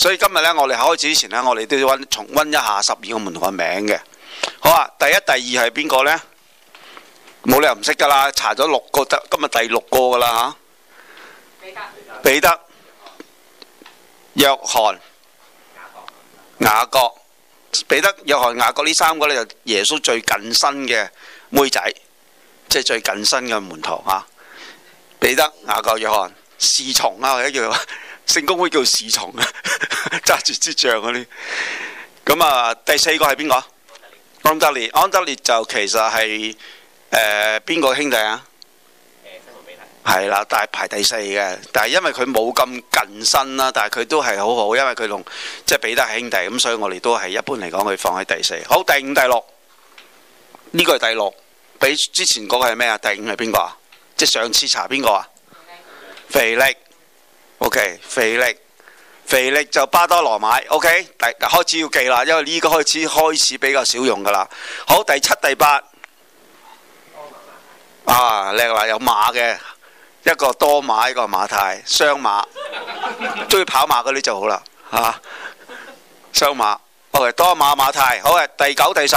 所以今日呢，我哋開始之前呢，我哋都要重溫一下十二個門徒嘅名嘅。好啊，第一、第二係邊個呢？冇理由唔識噶啦，查咗六個得，今日第六個噶啦嚇。啊、彼得、彼得約翰、雅各。彼得、約翰、雅各呢三個呢，就耶穌最近身嘅妹仔，即係最近身嘅門徒啊！彼得、雅各、約翰，侍從啊，或者聖公會叫市侍從，揸住支杖嗰啲。咁啊，第四個係邊個？安德，安德烈，安德烈就其實係誒邊個兄弟啊？誒，西蒙彼得。係啦，但係排第四嘅，但係因為佢冇咁近身啦，但係佢都係好好，因為佢同即係彼得係兄弟，咁所以我哋都係一般嚟講，佢放喺第四。好，第五、第六，呢個係第六，比之前嗰個係咩啊？第五係邊個啊？即係上次查邊個啊？辣腓力。O、okay, K. 肥力，肥力就巴多羅買。O K. 第開始要記啦，因為呢個開始開始比較少用噶啦。好，第七、第八，馬馬啊，你話有馬嘅，一個多馬，一個馬太，雙馬，中意 跑馬嗰啲就好啦，吓、啊，雙馬，哦、okay, 係多馬馬太。好嘅，第九、第十。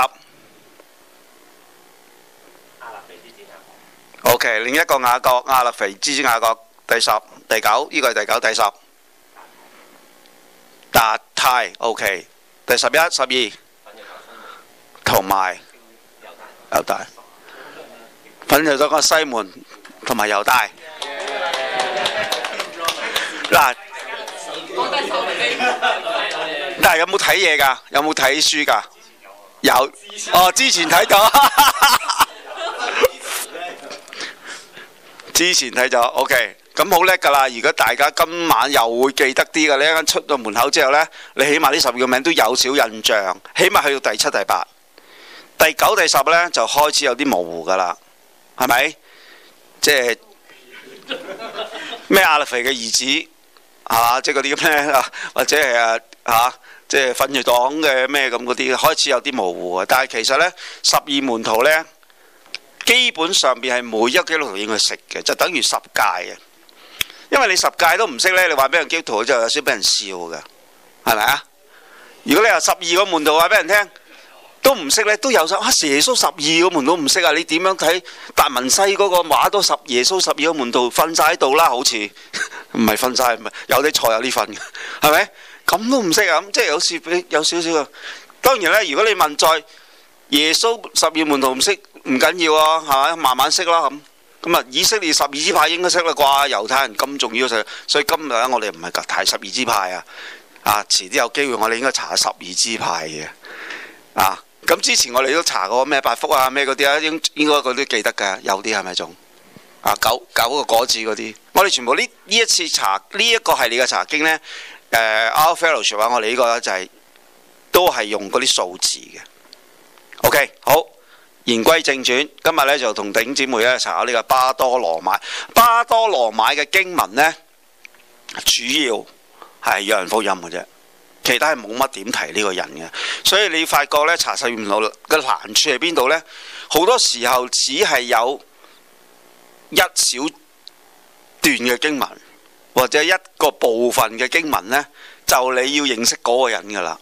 O、okay, K. 另一個雅各，亞勒腓之子雅各，第十。第九，呢個係第九、第十，達太，OK，第十一、十二，同埋猶大，奮銳黨嘅西門同埋猶大。嗱，但係有冇睇嘢㗎？有冇睇書㗎？有，哦，之前睇咗，之前睇咗，OK。咁好叻噶啦！如果大家今晚又會記得啲嘅，你一陣間出到門口之後呢，你起碼呢十二個名都有少印象，起碼去到第七、第八、第九、第十呢，就開始有啲模糊噶啦，係咪？即係咩亞勒腓嘅兒子啊？即係嗰啲咩啊？或者係啊嚇？即係奮銳黨嘅咩咁嗰啲，開始有啲模糊啊。但係其實呢，十二門徒呢，基本上邊係每一基督徒應該食嘅，就等於十誡啊。因為你十誡都唔識咧，你話俾人基督徒就有少俾人笑噶，係咪啊？如果你話十二個門徒話俾人聽都唔識咧，都有少，哈、啊！耶穌十二個門徒都唔識啊！你點樣睇達文西嗰個畫都十耶穌十二個門徒瞓晒喺度啦，好似唔係瞓晒，唔係有啲坐有啲瞓嘅，係咪？咁都唔識啊！咁即係有少少，有少少啊。當然咧，如果你問在耶穌十二門徒唔識唔緊要啊，係咪？慢慢識啦咁。咁啊，以色列十二支派應該識啦啩？猶太人咁重要嘅，所以今日我哋唔係太十二支派啊！啊，遲啲有機會我哋應該查十二支派嘅啊。咁之前我哋都查過咩八福啊、咩嗰啲啊，應應該佢都記得㗎。有啲係咪仲啊？九九個果子嗰啲，我哋全部呢呢一次查呢一、這個系列嘅查經咧，誒，Our Fellowship 嘅話，我哋呢個就係、是、都係用嗰啲數字嘅。OK，好。言歸正傳，今日咧就同頂姐妹咧查下呢個巴多羅買。巴多羅買嘅經文呢，主要係約翰福音嘅啫，其他係冇乜點提呢個人嘅。所以你發覺呢查聖經路嘅難處喺邊度呢？好多時候只係有一小段嘅經文，或者一個部分嘅經文呢，就你要認識嗰個人㗎啦。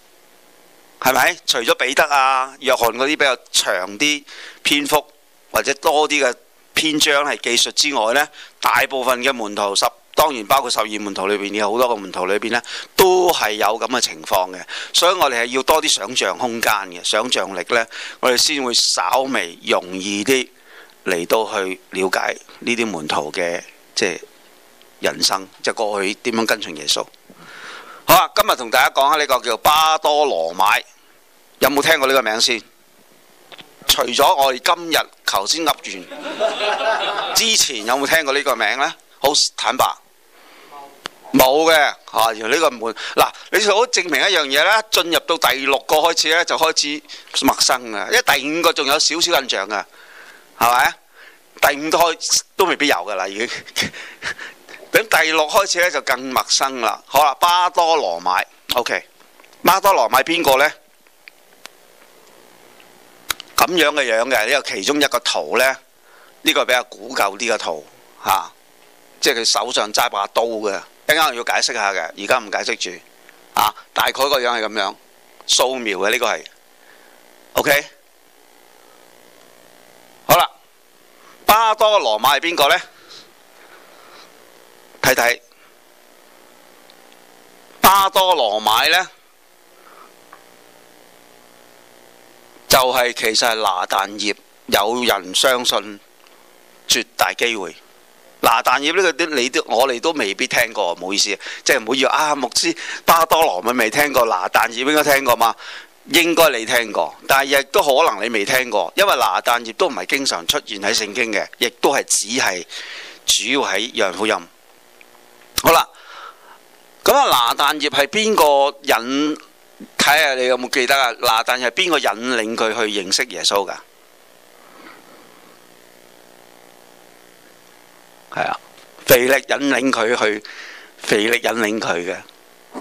係咪？除咗彼得啊、約翰嗰啲比較長啲篇幅或者多啲嘅篇章係記述之外呢，大部分嘅門徒十當然包括十二門徒裏邊有好多個門徒裏邊呢，都係有咁嘅情況嘅。所以我哋係要多啲想像空間嘅想像力呢，我哋先會稍微容易啲嚟到去了解呢啲門徒嘅，即係人生，即係過去點樣跟從耶穌。好啦，今日同大家講下呢個叫巴多羅買，有冇聽過呢個名先？除咗我哋今日頭先噏完， 之前有冇聽過呢個名呢？好坦白，冇嘅吓。原來、啊、呢個唔會嗱、啊，你就好證明一樣嘢啦。進入到第六個開始呢，就開始陌生噶，因為第五個仲有少少印象噶，係咪？第五個都未必有噶啦，已經。 咁第六開始呢，就更陌生啦，好啦，巴多羅買，OK，巴多羅買邊個呢？咁樣嘅樣嘅，呢個其中一個圖呢，呢個比較古舊啲嘅圖，嚇、啊，即係佢手上揸把刀嘅，一陣間要解釋一下嘅，而家唔解釋住，啊，大概個樣係咁樣，素描嘅呢個係，OK，好啦，巴多羅買係邊個呢？睇睇巴多羅買呢，就係，是，其實係拿但葉。有人相信絕大機會拿但葉呢個啲你都我哋都未必聽過，唔好意思，即係唔好以為啊，牧師巴多羅買未聽過拿但葉應該聽過嘛？應該你聽過，但係亦都可能你未聽過，因為拿但葉都唔係經常出現喺聖經嘅，亦都係只係主要喺約翰福音。好啦，咁啊，拿旦葉係邊個引睇下？你有冇記得啊？拿旦葉係邊個引領佢去認識耶穌噶？係啊，腓力引領佢去，腓力引領佢嘅，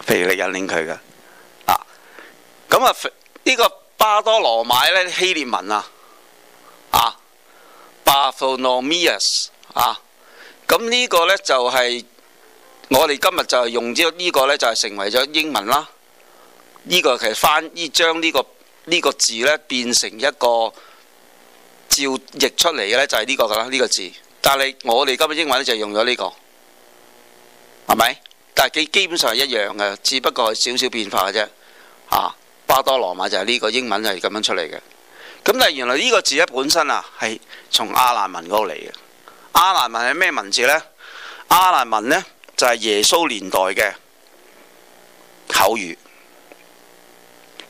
腓力引領佢嘅啊。咁啊，呢、這個巴多羅買咧，希列文啊啊 Bartholomew 啊，咁呢、啊、個呢，就係、是。我哋今日就係用咗呢個呢就係、是、成為咗英文啦。呢、這個其實翻依將呢個呢、這個字呢變成一個照譯出嚟嘅呢，就係呢個噶啦呢個字。但係我哋今日英文呢、這個，就係用咗呢個係咪？但係基本上係一樣嘅，只不過少少變化嘅啫。嚇、啊，巴多羅買就係呢、這個英文就係咁樣出嚟嘅。咁但係原來呢個字呢，本身啊係從亞蘭文嗰度嚟嘅。亞蘭文係咩文字呢？亞蘭文呢？就係耶穌年代嘅口語，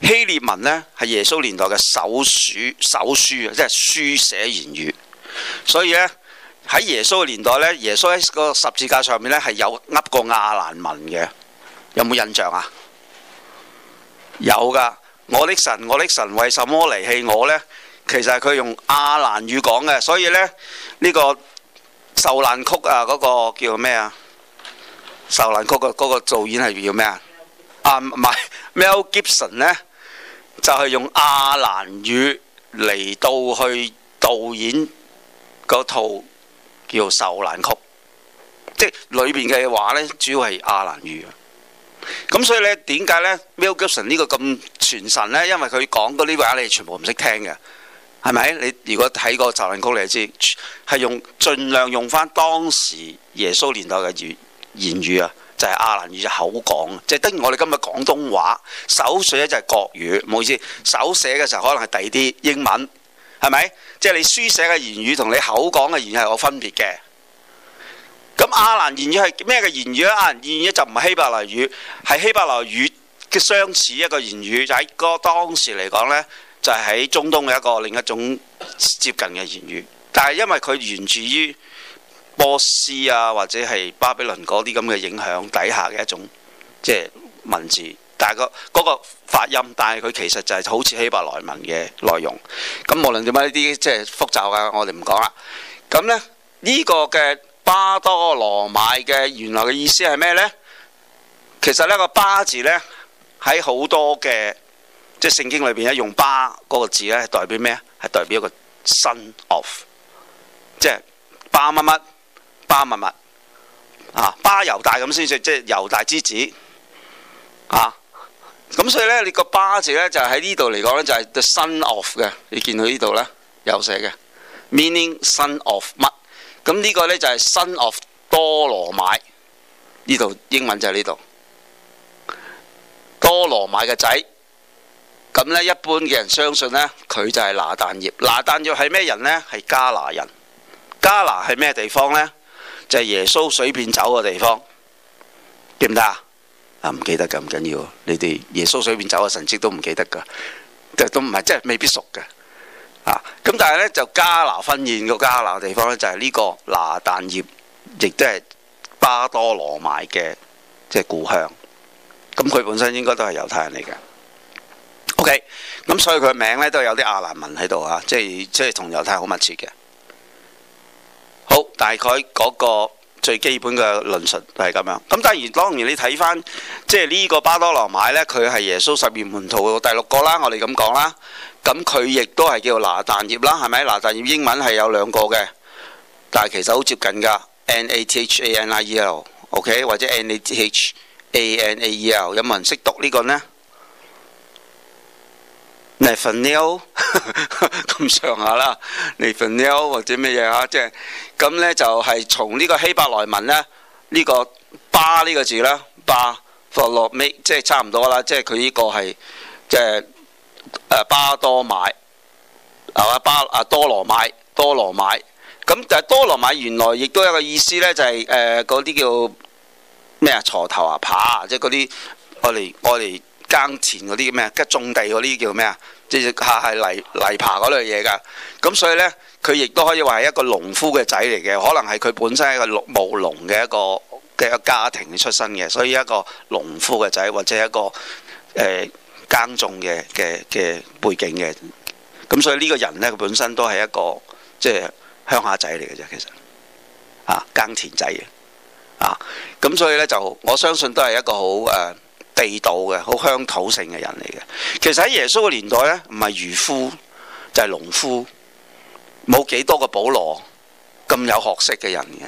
希列文呢係耶穌年代嘅手書手書，即係書寫言語。所以呢，喺耶穌嘅年代呢，耶穌喺個十字架上面呢係有噏過亞蘭文嘅，有冇印象啊？有噶，我的神，我的神，為什麼離棄我呢？其實佢用亞蘭語講嘅，所以呢，呢、這個受難曲啊，嗰、那個叫咩啊？受難曲的、那個嗰個導演係叫咩啊？啊唔係，Mel Gibson 咧就係、是、用亞蘭語嚟到去導演個套叫《受難曲》即，即係裏邊嘅話咧，主要係亞蘭語。咁所以咧，點解咧 Mel Gibson 呢、M、這個咁全神咧？因為佢講嗰啲話，你全部唔識聽嘅，係咪？你如果睇個《受難曲》你就，知係用盡量用翻當時耶穌年代嘅語言語啊，就係、是、阿蘭語口講，即、就、係、是、等於我哋今日廣東話。手寫咧就係國語，唔好意思。手寫嘅時候可能係第二啲英文，係咪？即、就、係、是、你書寫嘅言語同你口講嘅言語係有分別嘅。咁阿蘭言語係咩嘅言語啊？阿蘭言語就唔係希伯來語，係希伯來語嘅相似一個言語，就喺、是、個當時嚟講呢，就係、是、喺中東嘅一個另一種接近嘅言語。但係因為佢源自於波斯啊，或者係巴比倫嗰啲咁嘅影響底下嘅一種即係、就是、文字，但係、嗰個嗰、嗰個發音，但係佢其實就係好似希伯來文嘅內容。咁無論點解呢啲即係複雜嘅，我哋唔講啦。咁呢，呢、呢個嘅巴多羅買嘅原來嘅意思係咩呢？其實呢、呢個巴字呢，喺好多嘅即係聖經裏邊呢用巴嗰個字呢代表咩？係代表一個 son of，即係巴乜乜，巴密密，啊，巴猶大咁先算，即係猶大之子啊。咁所以呢，你個巴字呢，就喺呢度嚟講呢就係 the son of 嘅。你見到呢度呢，有寫嘅 meaning son of 乜，咁呢個呢，就係 son of 多羅買，呢度英文就係呢度多羅買嘅仔。咁呢，一般嘅人相信呢，佢就係拿但業。拿但業係咩人呢？係加拿人。加拿係咩地方呢？就係耶穌水變酒嘅地方，記唔得啊？啊，唔記得噶，唔緊要。你哋耶穌水變酒嘅神蹟都唔記得噶，都唔係，即係未必熟嘅咁、啊、但係呢，就加拿婚宴個加拿地方呢，就係、是、呢個拿但業，亦都係巴多羅買嘅即係故鄉。咁佢本身應該都係猶太人嚟嘅。OK，咁所以佢名呢都有啲亞蘭文喺度啊，即係即係同猶太好密切嘅。好，大概嗰個最基本嘅論述就係咁樣。咁當然當然，你睇翻即係呢個巴多羅買呢，佢係耶穌十二門徒嘅第六個啦，我哋咁講啦。咁佢亦都係叫拿但業啦，係咪？拿但業英文係有兩個嘅，但係其實好接近㗎，Nathaniel，OK，OK? 或者 Nathanael，有冇人識讀呢個呢？Nathanael 咁上下啦，Nathanael 或者咩嘢啊？即係咁咧就係、是就是、從呢個希伯來文咧，呢、呢個巴呢個字啦，巴弗洛米，即係差唔多啦，即係佢呢個係誒誒巴多買，係嘛巴啊多羅買，多羅買，咁但係多羅買原來亦都有個意思咧，就係嗰啲叫咩啊，鋤頭啊，耙，即係嗰啲我哋我哋。耕田嗰啲咩？耕種地嗰啲叫咩啊？即係係泥泥爬嗰類嘢㗎。咁所以咧，佢亦都可以話係一個農夫嘅仔嚟嘅。可能係佢本身係一個務農嘅一個嘅家庭出身嘅，所以一個農夫嘅仔或者一個誒、呃、耕種嘅嘅嘅背景嘅。咁所、啊啊、所以呢個人咧，佢本身都係一個即係鄉下仔嚟嘅啫，其實啊耕田仔啊。咁所以咧，就我相信都係一個好誒。呃地道嘅好鄉土性嘅人嚟嘅，其實喺耶穌嘅年代呢，唔係漁夫就係農夫，冇、就是、幾多個保羅咁有學識嘅人嘅。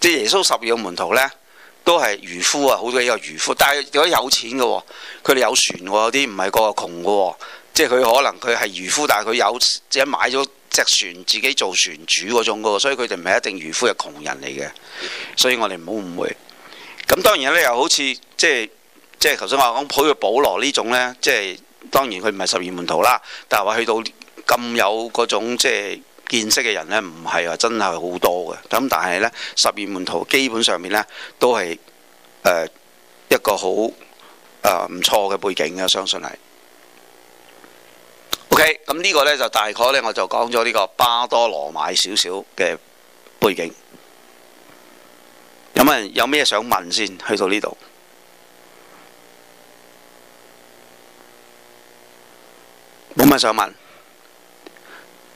即係耶穌十二個門徒呢，都係漁夫啊，好幾個漁夫。但係如果有錢嘅喎、哦，佢哋有船喎，有啲唔係個個窮嘅喎、哦。即係佢可能佢係漁夫，但係佢有即係買咗隻船，自己做船主嗰種嘅喎。所以佢哋唔係一定漁夫係窮人嚟嘅。所以我哋唔好誤會。咁當然咧，又好似即係。即係頭先我講，好似保羅呢種呢，即係當然佢唔係十二門徒啦，但係話去到咁有嗰種即係見識嘅人呢，唔係話真係好多嘅。咁但係呢，十二門徒基本上面呢，都係、呃、一個好唔、呃、錯嘅背景嘅，相信係。OK，咁呢個呢，就大概呢，我就講咗呢個巴多羅買少少嘅背景。有冇人有咩想問先？去到呢度。冇乜想問，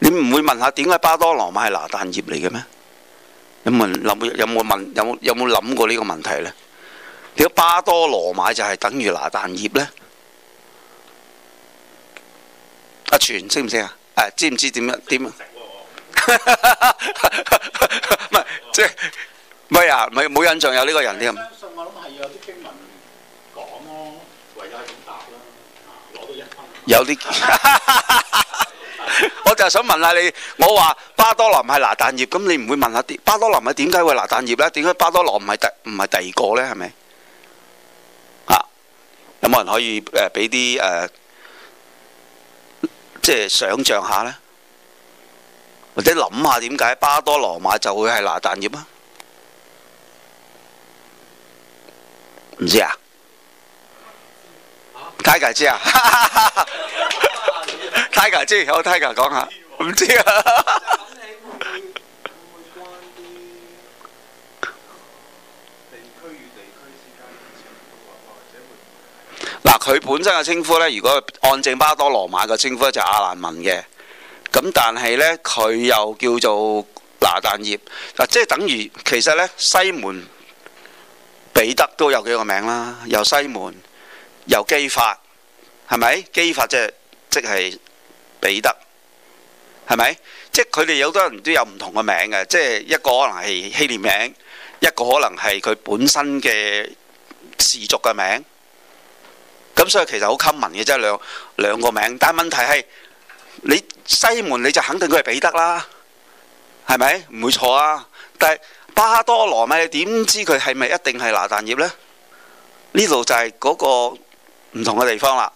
你唔會問下點解巴多羅買係拿但業嚟嘅咩？有冇人諗，有冇問，有冇，有冇諗過呢個問題呢？如果巴多羅買就係等於拿但業呢？阿全識唔識啊？知唔知點樣點？唔係即係唔係啊？唔係冇印象有呢個人添。 有啲， 我就想問下你，我話巴多羅唔係拿但葉，咁你唔會問下啲巴多羅係點解會拿但葉呢？點解巴多羅唔係第唔係第二個呢？係咪啊？有冇人可以誒俾啲即係想像一下呢？或者諗下點解巴多羅馬就會係拿但葉啊？唔知啊？太格知啊！太格知，好太格講下，唔知，知啊！嗱，佢本身嘅稱呼呢，如果按正巴多羅馬嘅稱呼咧，就係亞蘭文嘅。咁但係呢，佢又叫做拿但業。嗱，即係等於其實呢，西門彼得都有幾個名啦，有西門。由基法，係咪基法即係即係彼得，係咪？即係佢哋有好多人都有唔同嘅名嘅，即係一個可能係希臘名，一個可能係佢本身嘅氏族嘅名。咁所以其實好襟民嘅啫，即係兩兩個名。但係問題係你西門你就肯定佢係彼得啦，係咪？唔會錯啊。但係巴多羅買點知佢係咪一定係拿但葉呢？呢度就係嗰個。唔同嘅地方啦，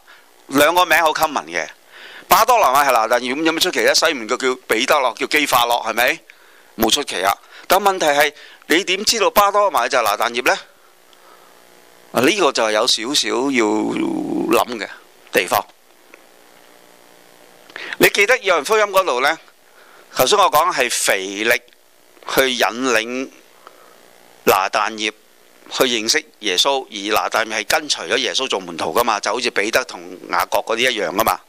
兩個名好 common 嘅，巴多羅買係拿但葉，咁有乜出奇呢？西門佢叫彼得咯，叫基法咯，係咪？冇出奇啊！但問題係你點知道巴多羅買就係拿但葉呢？呢個就係有少少要諗嘅地方。你記得《約翰福音》嗰度呢？頭先我講係腓力去引領拿但葉。去認識耶穌，而拿但係跟隨咗耶穌做門徒噶嘛，就好似彼得同雅各嗰啲一樣噶嘛。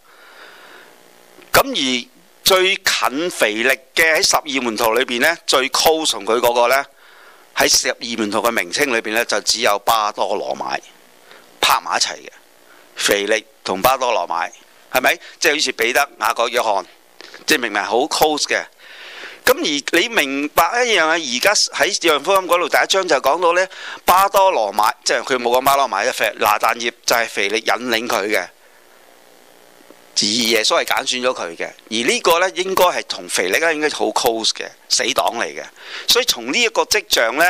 咁而最近腓力嘅喺十二門徒裏邊呢，最 close 同佢嗰個咧，喺十二門徒嘅名稱裏邊呢，就只有巴多羅買拍埋一齊嘅。腓力同巴多羅買，係咪？即係好似彼得、雅各、約翰，即係明明好 close 嘅。咁而你明白一樣嘅，而家喺《約翰福音》嗰度第一章就講到呢：「巴多羅買，即係佢冇講巴羅買嘅，拿但葉就係腓力引領佢嘅，而耶穌係揀選咗佢嘅，而呢個呢，應該係同腓力咧應該好 close 嘅死黨嚟嘅，所以從呢一個跡象呢，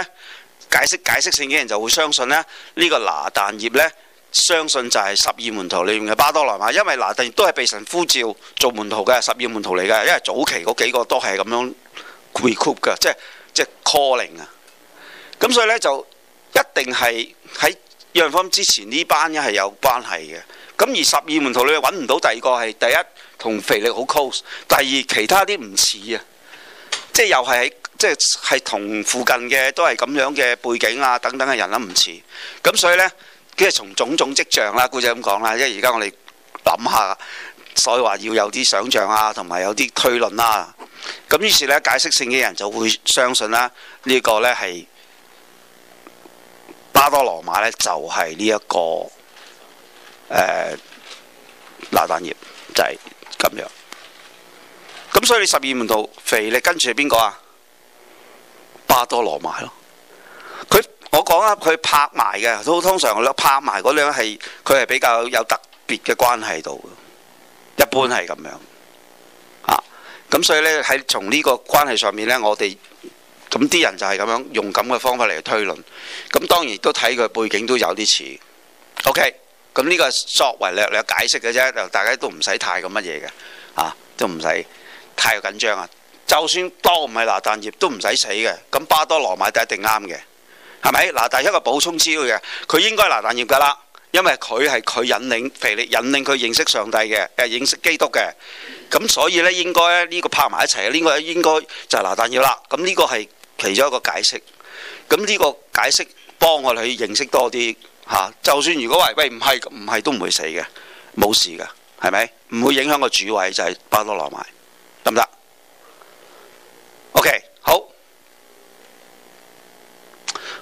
解釋解釋聖經嘅人就會相信呢，呢、這個拿但葉呢，相信就係十二門徒裏面嘅巴多羅買，因為拿但葉都係被神呼召做門徒嘅，十二門徒嚟嘅，因為早期嗰幾個都係咁樣。record 㗎，即係即係 calling 啊，咁所以咧就一定係喺楊方之前呢班一係有關係嘅，咁而十二門徒你揾唔到第二個係第一同肥力好 close，第二其他啲唔似啊，即係又係喺即係係同附近嘅都係咁樣嘅背景啊等等嘅人啦唔似，咁所以咧，跟住從種種跡象啦，古仔咁講啦，因為而家我哋諗下，所以話要有啲想像啊，同埋有啲推論啦、啊。咁於是咧，解釋性嘅人就會相信啦，呢、這個咧係巴多羅買咧、這個呃，就係呢一個誒拿但業，就係咁樣。咁所以你十二門徒腓力跟住係邊個啊？巴多羅買咯。佢我講啦，佢拍埋嘅，都通常拍埋嗰兩係，佢係比較有特別嘅關係度，一般係咁樣。咁所以咧喺從呢個關係上面咧，我哋咁啲人就係咁樣用咁嘅方法嚟推論。咁當然都睇佢背景都有啲似。OK，咁呢個是作為略略解釋嘅啫，就大家都唔使太咁乜嘢嘅。嚇、啊，都唔使太緊張啊。就算當唔係拿但業都唔使死嘅。咁巴多羅買定一定啱嘅，係咪？嗱，第一個補充資料嘅，佢應該是拿但業噶啦，因為佢係佢引領腓力引領佢認識上帝嘅，誒、啊、認識基督嘅。咁所以呢，應該呢、呢個拍埋一齊，呢、呢個應該就係拿但業啦。咁呢個係其中一個解釋。咁呢個解釋幫我哋去認識多啲嚇、啊。就算如果話喂，喂唔係唔係，都唔會死嘅，冇事嘅，係咪？唔會影響個主位就係、是、巴多羅買得唔得？OK，好。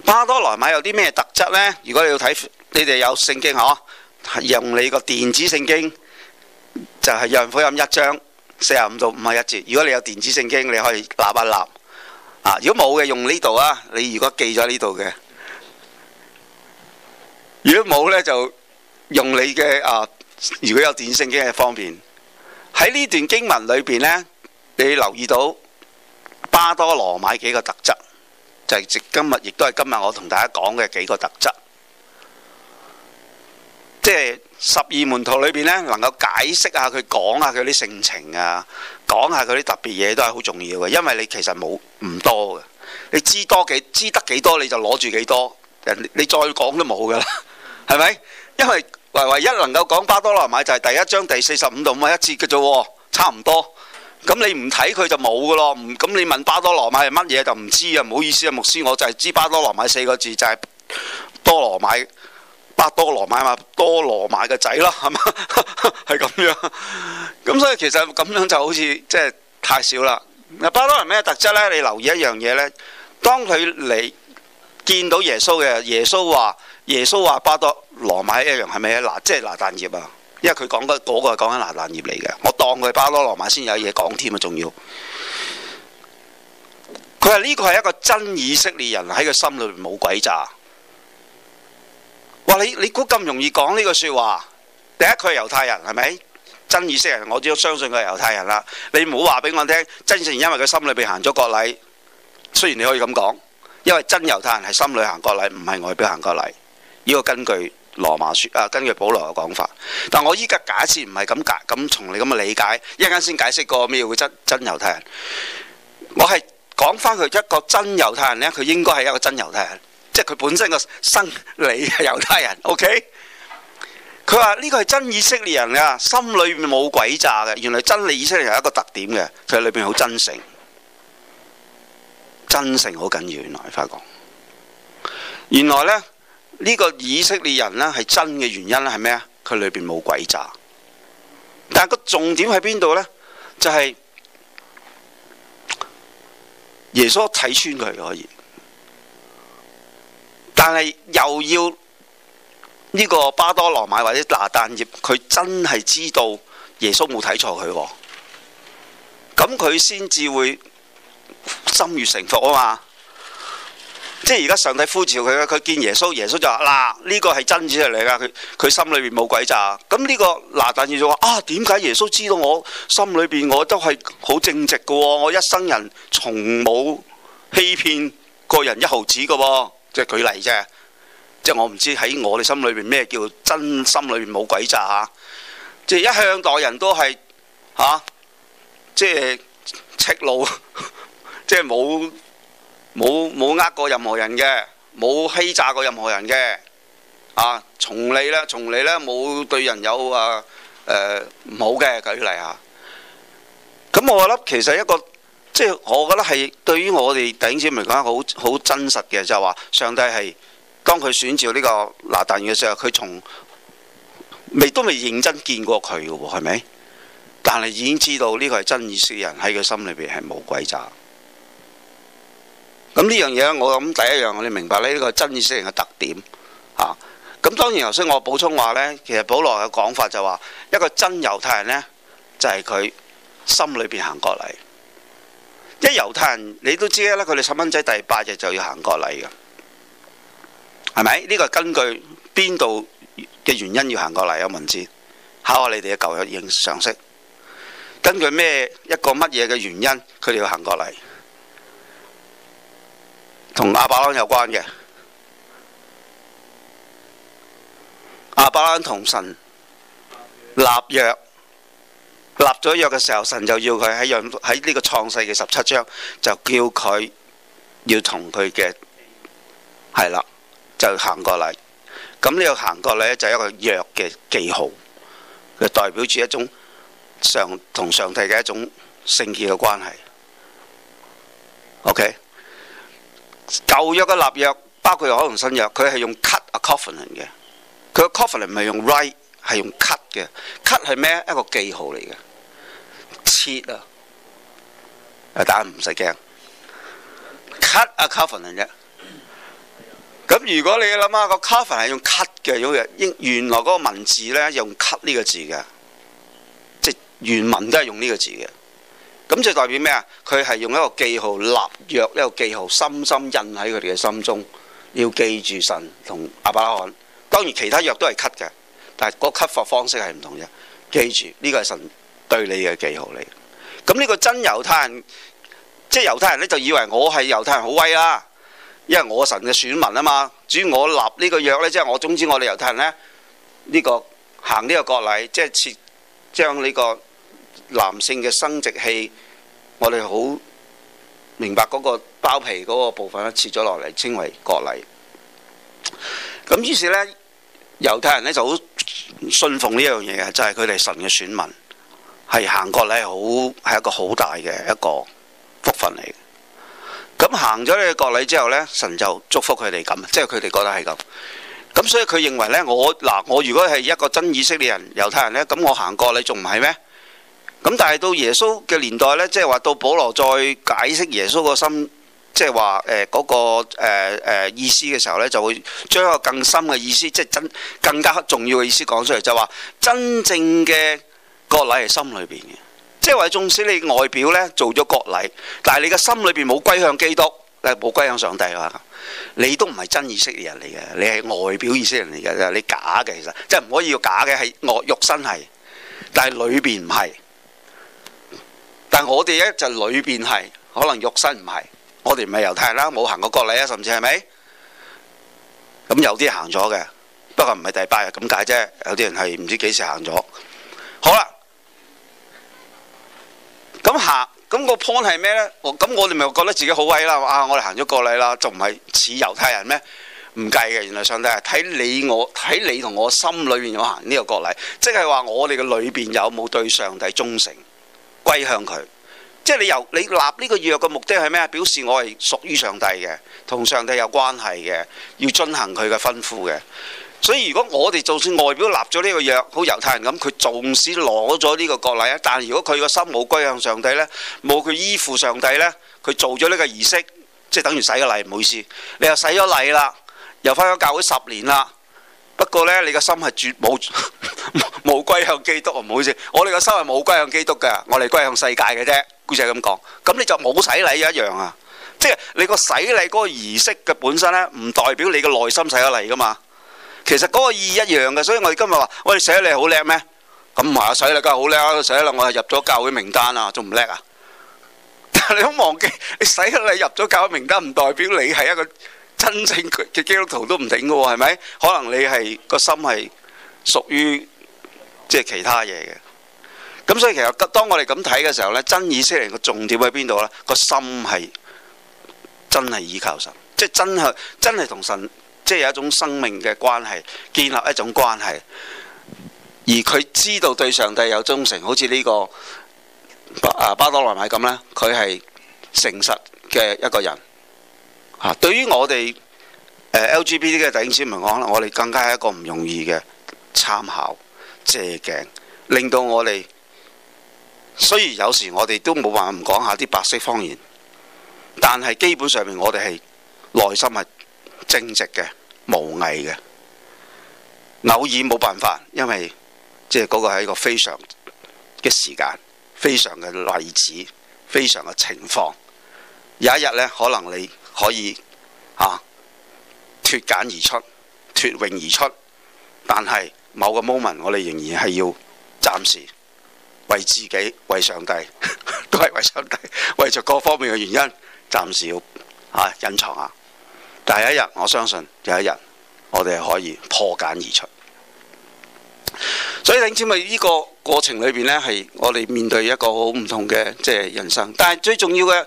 巴多羅買有啲咩特質呢？如果你要睇，你哋有聖經呵、啊，用你個電子聖經。就係《約翰福音》一章四十五到五十一節。如果你有電子聖經，你可以立一立；啊、如果冇嘅，用呢度啊。你如果記咗呢度嘅，如果冇呢，就用你嘅啊。如果有電子聖經嘅方便。喺呢段經文裏邊呢，你留意到巴多羅買幾個特質，就係、是、今日亦都係今日我同大家講嘅幾個特質，即係。十二門徒裏邊咧，能夠解釋下佢講下佢啲性情啊，講下佢啲特別嘢都係好重要嘅，因為你其實冇唔多嘅，你知多幾知得幾多你就攞住幾多，人，你，你再講都冇㗎喇，係咪？因為唯唯一能夠講巴多羅買就係第一章第四十五到五一節嘅啫，差唔多。咁你唔睇佢就冇㗎囉，唔咁你問巴多羅買係乜嘢就唔知啊，唔好意思啊，牧師我就係知巴多羅買四個字就係多羅買。巴多羅買嘛，多羅買嘅仔啦，係嘛？係 咁樣，咁所以其實咁樣就好似即係太少啦。咁巴多羅買咩特質呢？你留意一樣嘢呢，當佢嚟見到耶穌嘅，耶穌話：耶穌話巴多羅買一樣係咪嗱，即係拿但葉啊。因為佢講嘅嗰個係講緊拿但葉嚟嘅。我當佢巴多羅買先有嘢講添啊，仲要。佢話呢個係一個真以色列人，喺佢心裏面冇鬼咋。哇！你你估咁容易講呢個說話？第一，佢係猶太人，係咪？真以色列人，我只要相信佢係猶太人啦。你唔好話俾我聽，真正因為佢心裏邊行咗割禮。雖然你可以咁講，因為真猶太人係心裏行割禮，唔係外表行割禮。呢個根據羅馬說啊，根據保羅嘅講法。但我依家假設唔係咁解，咁從你咁嘅理解，一陣間先解釋過咩叫真真猶太人。我係講翻佢一個真猶太人呢，佢應該係一個真猶太人。即係佢本身個生理係，猶太人，OK？佢話呢個係真以色列人啊，心裏面冇鬼詐嘅。原來真理以色列人有一個特點嘅，佢裏邊好真誠，真誠好緊要。原來發覺，原來呢，呢、呢個以色列人呢係真嘅原因咧係咩啊？佢裏邊冇鬼詐。但係個重點喺邊度呢？就係、是、耶穌睇穿佢可以。但係又要呢個巴多羅買或者拿但葉，佢真係知道耶穌冇睇錯佢，咁佢先至會心悦誠服啊嘛。即係而家上帝呼召佢，佢見耶穌，耶穌就話嗱，呢個係真子嚟噶。佢佢心裏邊冇鬼咋。咁呢個拿但葉就話啊，點解耶穌知道我心裏邊我都係好正直噶？我一生人從冇欺騙過人一毫子噶。即係舉例啫，即係我唔知喺我哋心裏邊咩叫真心裏邊冇鬼詐嚇，即係一向待人都係嚇、啊，即係赤路，即係冇冇冇呃過任何人嘅，冇欺詐過任何人嘅，啊，從嚟咧從嚟咧冇對人有啊誒唔、呃、好嘅舉例嚇。咁、啊、我諗其實一個。即係我覺得係對於我哋弟兄姊妹嚟講，好好真實嘅就係話，上帝係當佢選召呢個拿但業嘅時候，佢從未都未認真見過佢嘅喎，係咪？但係已經知道呢個係真以色列人喺佢心裏邊係冇詭詐。咁呢樣嘢我諗第一樣我哋明白咧，呢、呢個真以色列人嘅特點嚇。咁、啊、當然頭先我補充話呢，其實保羅嘅講法就話、是、一個真猶太人呢，就係、是、佢心裏邊行過嚟。一猶太人你都知啦，佢哋細蚊仔第八日就要行割禮嘅，係咪？呢、呢個根據邊度嘅原因要行割禮啊？文字考下你哋嘅舊約認識，根據咩一個乜嘢嘅原因，佢哋要行割禮，同亞伯蘭有關嘅，亞伯蘭同神立約。立咗約嘅時候，神就要佢喺孕喺呢個創世嘅十七章，就叫佢要同佢嘅係啦，就行過嚟。咁呢個行過嚟就係一個約嘅記號，佢代表住一種上同上帝嘅一種聖潔嘅關係。OK，舊約嘅立約包括可能新約，佢係用 cut a covenant 嘅，佢個 covenant 唔係用 write。係用 cut 嘅，cut 係咩？一個記號嚟嘅，切啊！啊，大家唔使驚，cut 啊 covenant 嚟嘅。咁如果你諗下個 covenant 係用 cut 嘅，咁樣原來嗰個文字咧用 cut 呢個字嘅，即係原文都係用呢個字嘅。咁就代表咩啊？佢係用一個記號立約，呢個記號深深印喺佢哋嘅心中，要記住神同亞伯拉罕。當然其他約都係 cut 嘅。但係嗰吸法方式係唔同嘅。記住呢個係神對你嘅記號嚟。咁呢個真猶太人，即係猶太人呢，就以為我係猶太人好威啦，因為我神嘅選民啊嘛。至於我立呢個約呢，即係我總之我哋猶太人呢，呢個行呢個割禮，即係切將呢個男性嘅生殖器，我哋好明白嗰個包皮嗰個部分呢切咗落嚟，稱為割禮。咁於是呢，猶太人呢就好。信奉呢樣嘢嘅就係佢哋神嘅選民，係行國禮好係一個好大嘅一個福分嚟。咁行咗呢個國禮之後呢，神就祝福佢哋咁，即係佢哋覺得係咁。咁所以佢認為呢，我嗱我如果係一個真以色列人、猶太人呢，咁我行國禮仲唔係咩？咁但係到耶穌嘅年代呢，即係話到保羅再解釋耶穌個心。即係話誒嗰個誒、呃呃、意思嘅時候咧，就會將一個更深嘅意思，即係真更加重要嘅意思講出嚟，就話、是、真正嘅國禮係心裏邊嘅。即係話縱使你外表咧做咗國禮，但係你嘅心裏邊冇歸向基督，誒冇歸向上帝啊，你都唔係真以色列人嚟嘅，你係外表以色列人嚟嘅，你假嘅其實即係唔可以要假嘅係我肉身係，但係裏邊唔係。但係我哋咧就裏邊係，可能肉身唔係。我哋唔係猶太人啦，冇行過國禮啊，甚至係咪？咁有啲行咗嘅，不過唔係第八日咁解啫。有啲人係唔知幾時行咗。好啦，咁行，咁個 point 係咩呢？咁我哋咪覺得自己好威啦！啊，我哋行咗國禮啦，仲唔係似猶太人咩？唔計嘅，原來上帝係睇你我，睇你同我心裏面有行呢個國禮，即係話我哋嘅裏邊有冇對上帝忠誠，歸向佢。即係你由你立呢個約嘅目的係咩？表示我係屬於上帝嘅，同上帝有關係嘅，要遵行佢嘅吩咐嘅。所以如果我哋就算外表立咗呢個約，好猶太人咁，佢縱使攞咗呢個國禮啊，但如果佢個心冇歸向上帝呢，冇佢依附上帝呢，佢做咗呢個儀式，即係等於洗個禮，唔好意思。你又洗咗禮啦，又返咗教會十年啦。不過呢，你個心係絕冇冇歸向基督啊！唔好意思，我哋個心係冇歸向基督嘅，我哋歸向世界嘅啫。故事就係咁講，咁你就冇洗禮一樣啊！即係你個洗禮嗰個儀式嘅本身呢，唔代表你個內心洗咗禮噶嘛。其實嗰個意義一樣嘅，所以我哋今日話我哋洗禮好叻咩？咁唔係啊，洗禮梗係好叻啊！洗禮我係入咗教會名單啊，仲唔叻啊？但係你都忘記，你洗禮入咗教會名單唔代表你係一個。真正嘅基督徒都唔頂嘅喎，係咪？可能你係個心係屬於即係其他嘢嘅。咁所以其實當我哋咁睇嘅時候咧，真以色列嘅重點喺邊度咧？個心係真係依靠神，即係真係真係同神，即係有一種生命嘅關係，建立一種關係，而佢知道對上帝有忠誠，好似呢個巴啊巴多羅買咁啦，佢係誠實嘅一個人。啊！對於我哋 LGBT 嘅弟兄姊妹嚟講，我哋更加係一個唔容易嘅參考借鏡，令到我哋雖然有時我哋都冇辦法唔講下啲白色方言，但係基本上面我哋係內心係正直嘅、無偽嘅。偶爾冇辦法，因為即係嗰個係一個非常嘅時間、非常嘅例子，非常嘅情況。有一日呢，可能你。可以啊脱繭而出、脱穎而出，但係某個 moment 我哋仍然係要暫時為自己、為上帝，呵呵都係為上帝，為着各方面嘅原因，暫時要啊隱、啊、藏下。但係一日，我相信有一日，我哋可以破繭而出。所以點知咪呢個過程裏邊呢係我哋面對一個好唔同嘅即係人生。但係最重要嘅。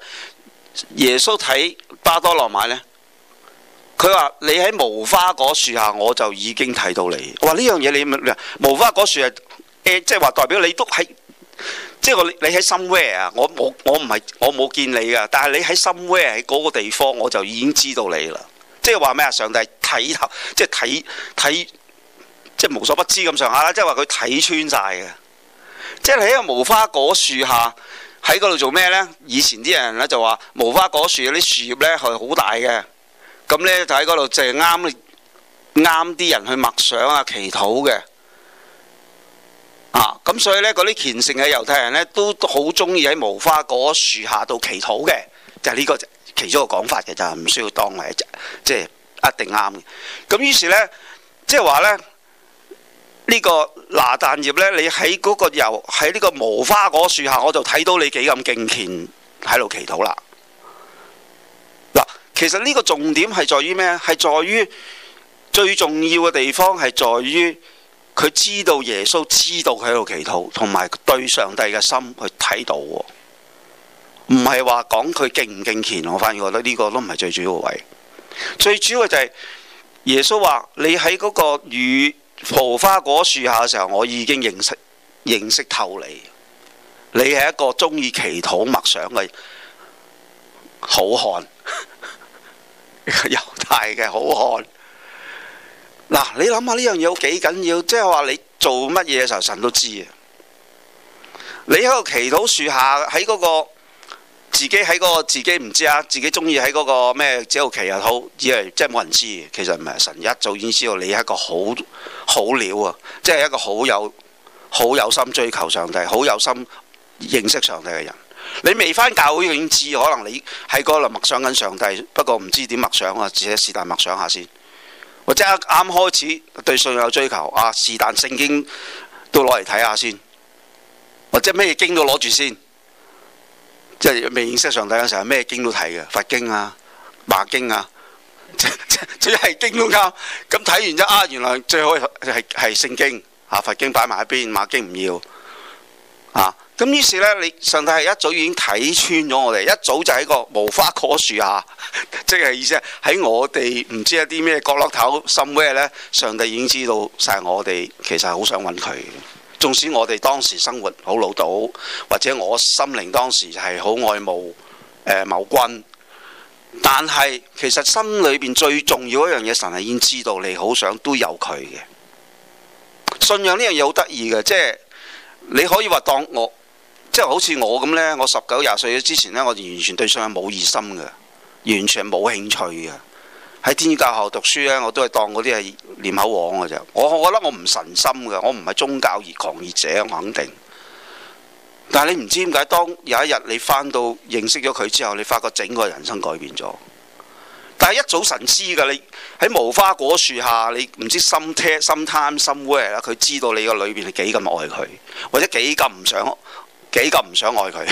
耶穌睇巴多羅買咧，佢話：你喺無花果樹下，我就已經睇到你。話呢樣嘢你唔，無花果樹係誒，即係話代表你都喺，即、就、係、是、我你喺心 o m 啊，我冇我唔係我冇見你噶，但係你喺心 o 喺嗰個地方，我就已經知道你啦。即係話咩啊？上帝睇頭，即係睇睇，即係、就是、無所不知咁上下啦。即係話佢睇穿晒嘅，即係喺個無花果樹下。喺嗰度做咩呢？以前啲人咧就話無花果樹嗰啲樹葉咧係好大嘅，咁呢就喺嗰度就係啱啱啲人去默想啊、祈禱嘅啊，咁所以呢，嗰啲虔誠嘅猶太人呢都好中意喺無花果樹下度祈禱嘅，就係呢個其中一個講法嘅，就唔需要當嚟，即係一定啱嘅。咁於是呢，即係話呢。呢個拿但業呢，你喺嗰個油喺呢個無花果樹下，我就睇到你幾咁敬虔喺度祈禱啦。嗱，其實呢個重點係在於咩啊？係在於最重要嘅地方係在於佢知道耶穌知道佢喺度祈禱，同埋對上帝嘅心去睇到喎。唔係話講佢敬唔敬虔，我反而覺得呢個都唔係最主要嘅位。最主要嘅就係耶穌話你喺嗰個雨。桃花果樹下嘅時候，我已經認識認識透你，你係一個鍾意祈禱默想嘅好漢，一個猶太嘅好漢。嗱，你諗下呢樣嘢幾緊要？即係話你做乜嘢嘅時候，神都知啊！你喺個祈禱樹下，喺嗰個。自己喺嗰個自己唔知啊，自己中意喺嗰個咩子午旗啊，好，以為即係冇人知，其實唔係，神一早已經知道你係一個好好料啊，即係一個好有好有心追求上帝、好有心認識上帝嘅人。你未翻教會已經知，可能你喺嗰度默想緊上帝，不過唔知點默想啊。自己是但默想下先，或者啱開始對信有追求啊，是但聖經都攞嚟睇下先，或者咩經都攞住先。即係未認識上帝嗰陣時候，咩經都睇嘅，佛經啊、馬經啊，即係即係經都啱。咁睇完之後啊，原來最好係係聖經啊，佛經擺埋一邊，馬經唔要啊。咁於是咧，你上帝係一早已經睇穿咗我哋，一早就喺個無花果樹下，即、啊、係、即係、意思係喺我哋唔知道一啲咩角落頭甚咩咧，上帝已經知道晒我哋其實係好想揾佢。縱使我哋當時生活好老到，或者我心靈當時係好愛慕呃某君，但係其實心裏面最重要一樣嘢，神係已經知道你好想都有佢嘅信仰，呢樣嘢好得意嘅。即係你可以話當我即係好似我咁呢。我十九廿歲之前呢，我就完全對信仰冇疑心嘅，完全冇興趣嘅。喺天主教校讀書呢，我都係當嗰啲係唸口王嘅啫。我我覺得我唔神心嘅，我唔係宗教熱狂熱者，我肯定。但係你唔知點解，當有一日你翻到認識咗佢之後，你發覺整個人生改變咗。但係一早神知嘅，你喺無花果樹下，你唔知心 o m e time w 佢知道你個裏邊係幾咁愛佢，或者幾咁唔想，幾咁唔想愛佢，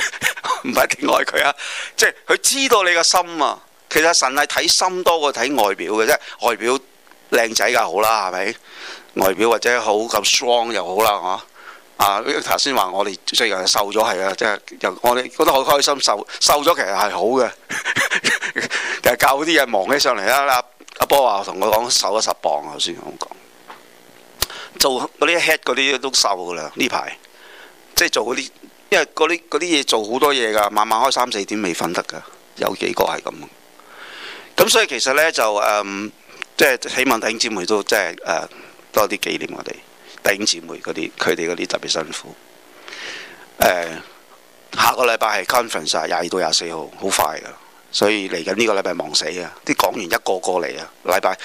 唔係點愛佢啊？即係佢知道你個心啊！其實神係睇心多過睇外表嘅啫，外表靚仔㗎好啦，係咪？外表或者好咁 strong 又好啦，嚇！啊，頭先話我哋雖然瘦咗係啊，即係我哋覺得好開心，瘦瘦咗其實係好嘅。又教啲嘢忙起上嚟啦，阿、啊啊、波話同我講瘦咗十磅啊，頭先咁講。做嗰啲 head 嗰啲都瘦㗎啦，呢排即係做嗰啲，因為嗰啲啲嘢做好多嘢㗎，晚晚開三四點未瞓得㗎，有幾個係咁咁、嗯、所以其實呢，就誒、嗯，即係希望弟兄姊妹都即係誒、呃、多啲紀念我哋弟兄姊妹嗰啲，佢哋嗰啲特別辛苦。誒、呃，下個禮拜係 conference 啊，廿二到廿四號，好快噶。所以嚟緊呢個禮拜忙死啊！啲講員一個個嚟啊，禮拜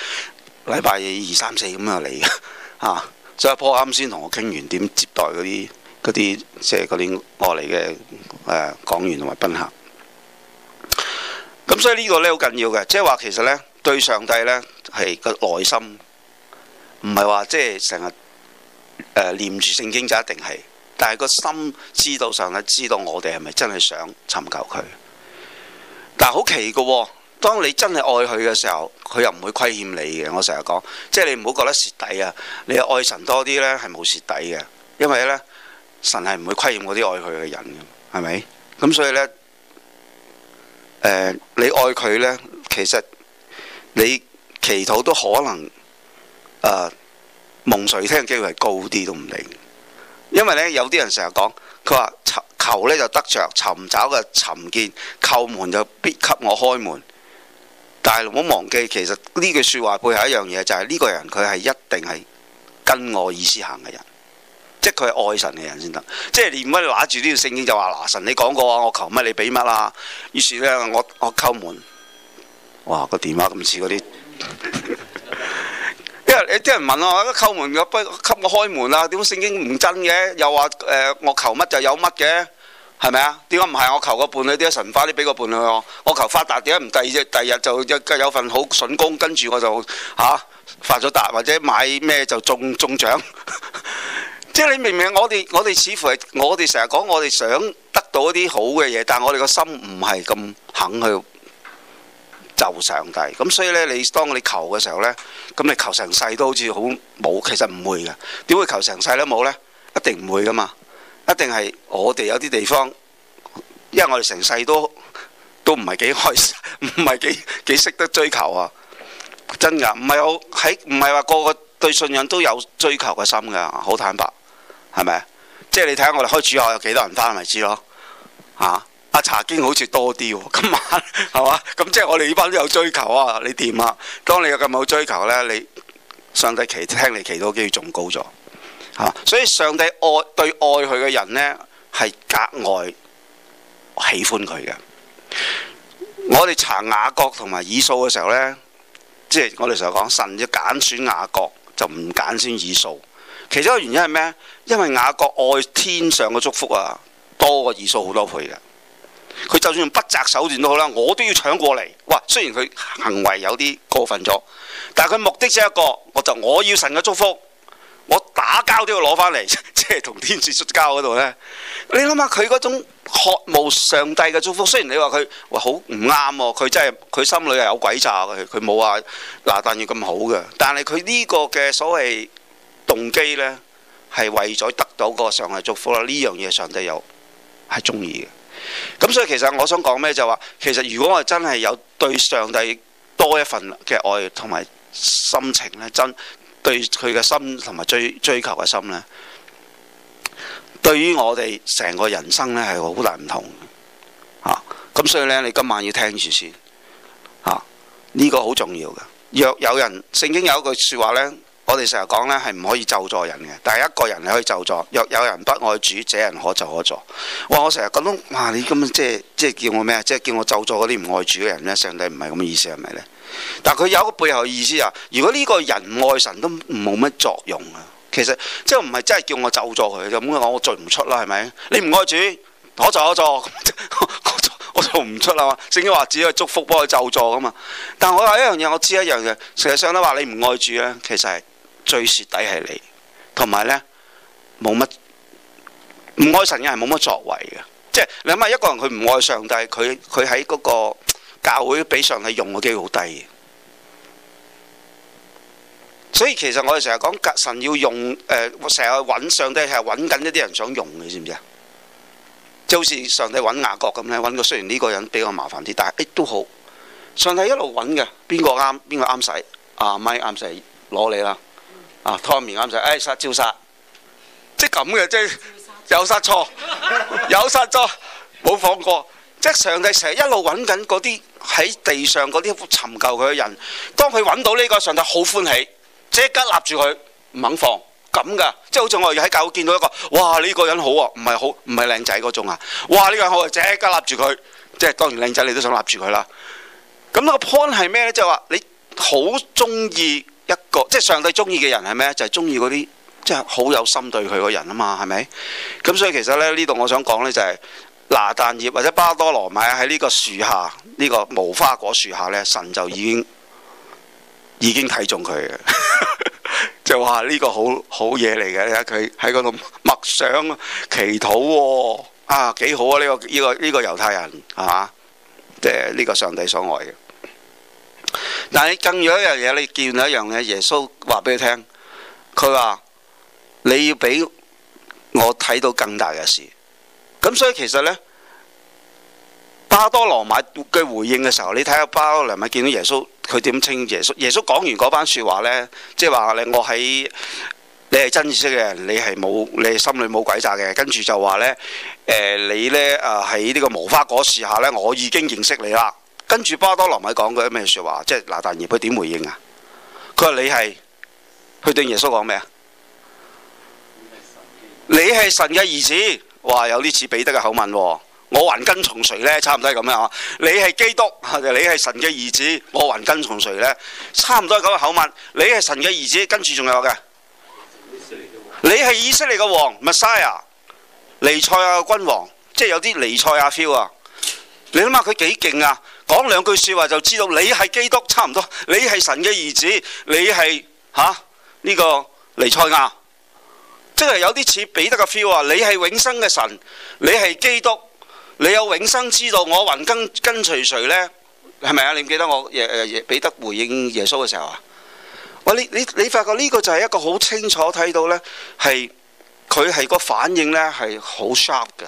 禮拜二三四咁啊嚟啊嚇。所以阿婆啱先同我傾完點接待嗰啲嗰啲，即係嗰啲外嚟嘅誒講員同埋賓客。咁所以呢個呢，好緊要嘅，即係話其實呢，對上帝呢，係個內心，唔係話即係成日念住聖經就一定係，但係個心知道上帝知道我哋係咪真係想尋求佢。但係好奇嘅、哦，當你真係愛佢嘅時候，佢又唔會虧欠你嘅。我成日講，即係你唔好覺得蝕底啊！你愛神多啲呢係冇蝕底嘅，因為呢，神係唔會虧欠嗰啲愛佢嘅人嘅，係咪？咁所以呢。誒、呃，你愛佢呢，其實你祈禱都可能啊、呃，蒙垂聽嘅機會係高啲都唔定，因為呢，有啲人成日講，佢話求呢就得着，尋找嘅尋見，叩門就必給我開門。但係唔好忘記，其實呢句説話背後一樣嘢，就係、是、呢個人佢係一定係跟我意思行嘅人。即係佢係愛神嘅人先得，即係你唔可以攞住呢條聖經就話嗱、啊、神，你講過啊，我求乜你俾乜啦。於是咧，我我叩門，哇個電話咁似嗰啲，因為啲人問我，我叩門嘅不給我開門啊？點解聖經唔真嘅？又話誒、呃、我求乜就有乜嘅係咪啊？點解唔係？我求個伴侶，點解神快啲俾個伴侶我，我求發達，點解唔第二隻第二日就有份好筍工，跟住我就吓、啊，發咗達，或者買咩就中中獎。 即係你明唔明？我哋我哋似乎係我哋成日講我哋想得到嗰啲好嘅嘢，但係我哋個心唔係咁肯去就上帝。咁所以呢，你當你求嘅時候呢，咁你求成世都好似好冇，其實唔會嘅。點會求成世都冇呢？一定唔會㗎嘛。一定係我哋有啲地方，因為我哋成世都都唔係幾開心，唔係幾幾識得追求啊。真㗎，唔係我喺唔係話個個對信仰都有追求嘅心㗎。好坦白。係咪即係你睇下我哋開主日有幾多人翻咪知咯？吓，啊，阿查經好似多啲，今晚係嘛？咁即係我哋呢班都有追求啊！你掂啊！當你有咁好追求呢，你上帝祈聽你祈禱嘅機率仲高咗。所以上帝愛對愛佢嘅人呢，係格外喜歡佢嘅。我哋查雅各同埋以掃嘅時候呢，即係我哋成日講神要揀選雅各，就唔揀選以掃。其中一個原因係咩？因為雅各愛天上嘅祝福啊，多過以掃好多倍嘅。佢就算用不擇手段都好啦，我都要搶過嚟。哇！雖然佢行為有啲過分咗，但係佢目的只係一個，我就我要神嘅祝福，我打交都要攞翻嚟，即係同天使摔交嗰度呢。你諗下佢嗰種渴慕上帝嘅祝福，雖然你話佢話好唔啱喎，佢、啊、真係佢心裏係有鬼詐嘅，佢冇話嗱但願咁好嘅，但係佢呢個嘅所謂。動機呢係為咗得到個上帝祝福啦，呢樣嘢上帝又係中意嘅。咁所以其實我想講咩就話、是，其實如果我真係有對上帝多一份嘅愛同埋心情呢，真的對佢嘅心同埋追追求嘅心呢，對於我哋成個人生呢係好大唔同嘅。咁所以呢，你今晚要聽住先。啊，呢個好重要嘅。若有人聖經有一句說話呢。我哋成日講咧係唔可以咒詛人嘅，但係一個人你可以咒詛。若有人不愛主，這人可詛可咒。哇！我成日覺得哇，你咁啊，即係即係叫我咩啊？即係叫我咒詛嗰啲唔愛主嘅人咧？上帝唔係咁嘅意思係咪咧？但係佢有個背後意思啊。如果呢個人唔愛神都冇乜作用啊。其實即係唔係真係叫我咒詛佢咁講，就說我咒唔出啦係咪？你唔愛主，可助，可助，可，助，可，助可助，我做唔出啊嘛。聖經話己去祝福幫佢咒詛噶嘛。但係我有一樣嘢我知一樣嘢，成日上都話你唔愛主咧，其實係，最蝕底係你，同埋呢，冇乜唔愛神嘅係冇乜作為嘅，即係你諗下一個人佢唔愛上帝，佢佢喺嗰個教會俾上帝用嘅機會好低。所以其實我哋成日講神要用誒，成日去揾上帝係揾緊一啲人想用嘅，你知唔知啊？即係好似上帝揾雅各咁咧，揾個雖然呢個人比較麻煩啲，但係、欸、都好。上帝一路揾嘅，邊個啱，邊個啱使，阿咪啱使攞你啦。啊，Tommy 啱曬，哎，殺招，招殺，即咁嘅，即有殺錯， 有殺咗，冇放過，即上帝成日一路揾緊嗰啲喺地上嗰啲尋求佢嘅人，當佢揾到呢個上帝，好歡喜，即刻立住佢，唔肯放，咁噶，即好似我哋喺教會見到一個，哇，呢個人好喎啊，唔係好，唔係靚仔嗰種啊，哇，呢個人好即刻立住佢，即當然靚仔你都想立住佢啦，咁個 point 係咩咧？就話你好中意，一個即係上帝中意嘅人係咩？就係中意嗰啲即係好有心對佢嘅人啊嘛，係咪？咁所以其實咧呢度我想講咧就係、是、拿但業或者巴多羅買喺呢個樹下呢、這個無花果樹下咧，神就已經已經睇中佢嘅， 就話呢個好好嘢嚟嘅。你睇佢喺嗰度默想祈禱、啊，啊幾好啊！呢、這個呢、這個呢、這個猶太人係嘛，即係呢個上帝所愛嘅。但係更有一樣嘢，你見到一樣嘢，耶穌話俾佢聽，佢話你要俾我睇到更大嘅事。咁所以其實呢，巴多羅買嘅回應嘅時候，你睇下巴多羅買見到耶穌，佢點稱耶穌？耶穌講完嗰班說話呢，即係話你我喺你係真意識嘅人，你係冇你心裏冇鬼詐嘅。跟住就話呢，誒、呃，你呢啊喺呢個無花果樹下呢，我已經認識你啦。跟住巴多羅買講佢啲咩說話，即係嗱但業佢點回應啊？佢話你係佢對耶穌講咩啊？你係神嘅兒子，哇，有啲似彼得嘅口吻喎。我還跟從誰呢？差唔多係咁樣啊。你係基督，你係神嘅兒子，我還跟從誰呢？差唔多係咁嘅口吻。你係神嘅兒子，跟住仲有嘅，你係以色列嘅王，Messiah，尼賽亞嘅君王，即係有啲尼賽亞 feel 啊。你諗下佢幾勁啊！.講兩句說話就知道你係基督，差唔多你係神嘅兒子，你係吓呢個尼賽亞，即係有啲似彼得嘅 feel 啊。你係永生嘅神，你係基督，你有永生之道，我還跟跟隨誰呢？係咪啊？你唔記得我耶耶耶彼得回應耶穌嘅時候啊？我你你你發覺呢個就係一個好清楚睇到呢，係佢係個反應呢，係好 sharp 㗎，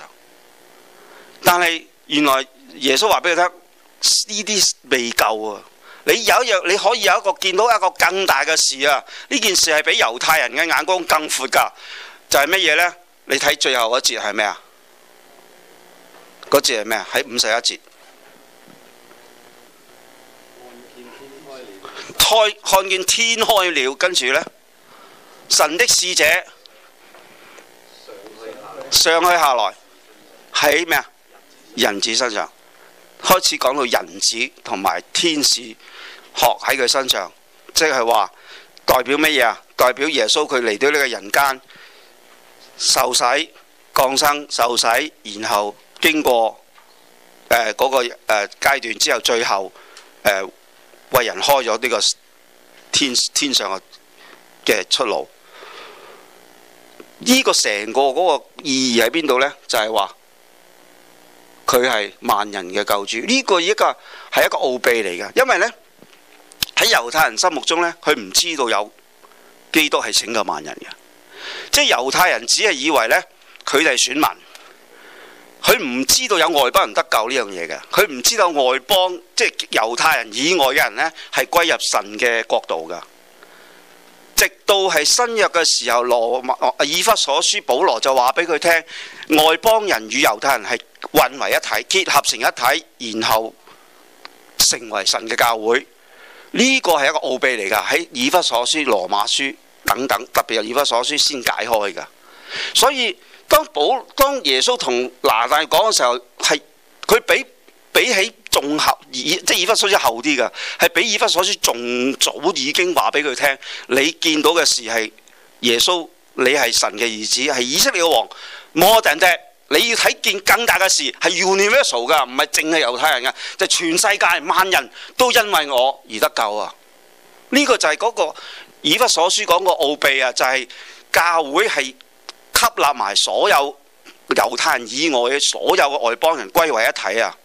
但係原來耶穌話俾佢聽。呢啲未夠啊！你有一日你可以有一個見到一個更大嘅事啊！呢件事係比猶太人嘅眼光更闊㗎，就係乜嘢呢？你睇最後嗰節係咩啊？嗰節係咩？喺五十一節，看見天開了，跟住呢，神的使者上去下來，喺咩啊？人子身上。開始講到人子同埋天使學喺佢身上，即係話代表乜嘢啊？代表耶穌佢嚟到呢個人間受洗、降生、受洗，然後經過誒嗰、呃嗰個、呃、階段之後，最後誒、呃、為人開咗呢個天天上嘅出路。呢、呢個成個嗰個意義喺邊度呢？就係、是、話。佢係萬人嘅救主，呢個一個係一個奧秘嚟嘅，因為呢，喺猶太人心目中呢佢唔知道有基督係拯救萬人嘅，即係猶太人只係以為呢，佢哋係選民，佢唔知道有外邦人得救呢樣嘢嘅，佢唔知道外邦即係猶太人以外嘅人呢，係歸入神嘅國度㗎。直到係新約嘅時候，羅馬以弗所書，保羅就話俾佢聽，外邦人與猶太人係混為一體，結合成一體，然後成為神嘅教會。呢個係一個奧秘嚟㗎，喺以弗所書、羅馬書等等，特別係以弗所書先解開㗎。所以當保當耶穌同拿但講嘅時候，係佢比比起。綜合以即以弗所書後啲嘅，係比以弗所書仲早已經話俾佢聽，你見到嘅事係耶穌，你係神嘅兒子，係以色列嘅王。莫定啫，你要睇見更大嘅事，係 universal 㗎，唔係淨係猶太人嘅，就是、全世界萬人都因為我而得救啊！呢、這個就係嗰、那個以弗所書講個奧秘啊，就係、是、教會係吸納埋所有猶太人以外嘅所有嘅外邦人歸為一體啊！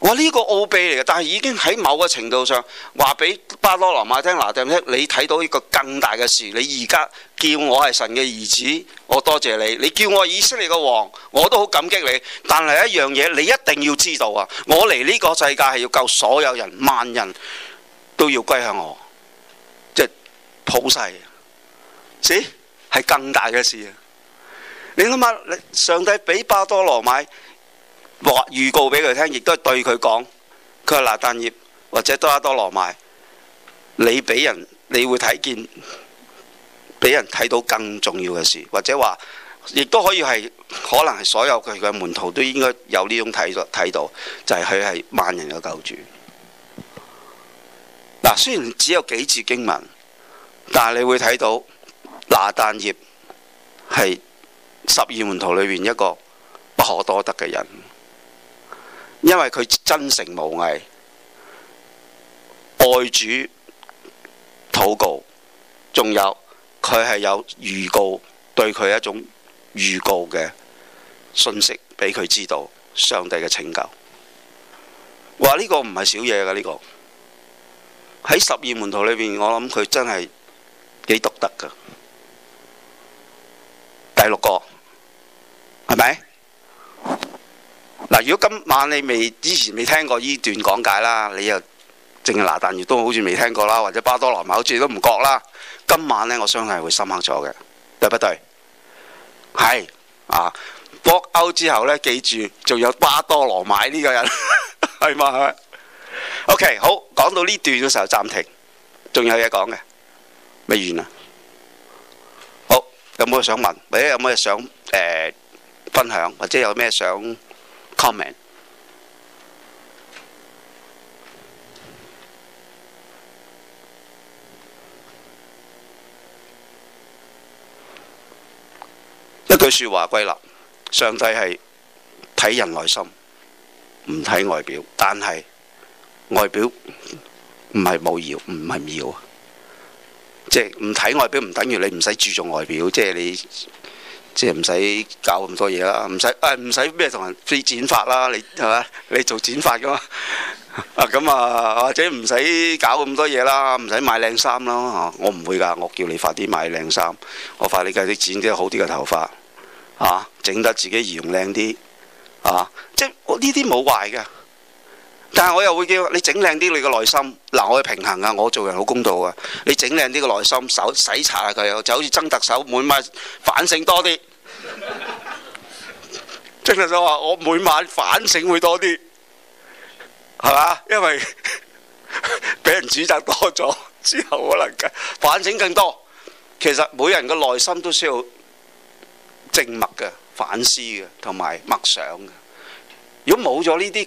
我呢、這個奧秘嚟嘅，但係已經喺某個程度上話俾巴多羅買聽，嗱，你睇到一個更大嘅事，你而家叫我係神嘅兒子，我多謝你；你叫我以色列嘅王，我都好感激你。但係一樣嘢，你一定要知道啊！我嚟呢個世界係要救所有人，萬人都要歸向我，即、就、係、是、普世。是，係更大嘅事。你諗下，上帝俾巴多羅買話預告俾佢聽，亦都對佢講。佢係拿但葉或者多拉多羅買。你俾人，你會睇見，俾人睇到更重要嘅事，或者話，亦都可以係可能係所有佢嘅門徒都應該有呢種睇到睇到，就係佢係萬人嘅救主。嗱，雖然只有幾字經文，但係你會睇到拿但葉係十二門徒裏面一個不可多得嘅人。因為佢真誠無偽，愛主、禱告，仲有佢係有預告，對佢一種預告嘅信息俾佢知道上帝嘅拯救。哇呢、這個唔係小嘢噶，呢、這個喺十二門徒裏邊，我諗佢真係幾獨特噶。第六個係咪？是不是。嗱，如果今晚你未之前未聽過呢段講解啦，你又正係嗱，但亦都好似未聽過啦，或者巴多羅買好似都唔覺啦。今晚呢，我相信係會深刻咗嘅，對不對？係啊，博歐、啊、之後呢，記住仲有巴多羅買呢個人係嘛 ？OK，好，講到呢段嘅時候暫停，仲有嘢講嘅未完啊。好，有冇嘢想問？或者有冇嘢想誒、呃、分享，或者有咩想？一句說話歸納，上帝係睇人內心，唔睇外表。但係外表唔係冇要，唔係唔要啊！即係唔睇外表，唔等於你唔使注重外表。即係你。即係唔使搞咁多嘢啦，唔使誒唔使咩同人飛剪髮啦，你係嘛？你做剪髮噶嘛？啊咁啊，或者唔使搞咁多嘢啦，唔使買靚衫啦嚇。我唔會㗎，我叫你快啲買靚衫，我快你計啲剪啲好啲嘅頭髮嚇，整、啊、得自己容靚啲嚇。即係呢啲冇壞㗎。但係我又會叫你整靚啲你個內心，嗱我可以平衡啊，我做人好公道啊。你整靚啲個內心，手洗刷下佢，就好似曾特首每晚反省多啲。曾特首話：我每晚反省會多啲，係嘛？因為俾人指責多咗之後，可能反省更多。其實每人個內心都需要靜默嘅反思嘅，同埋默想嘅。如果冇咗呢啲，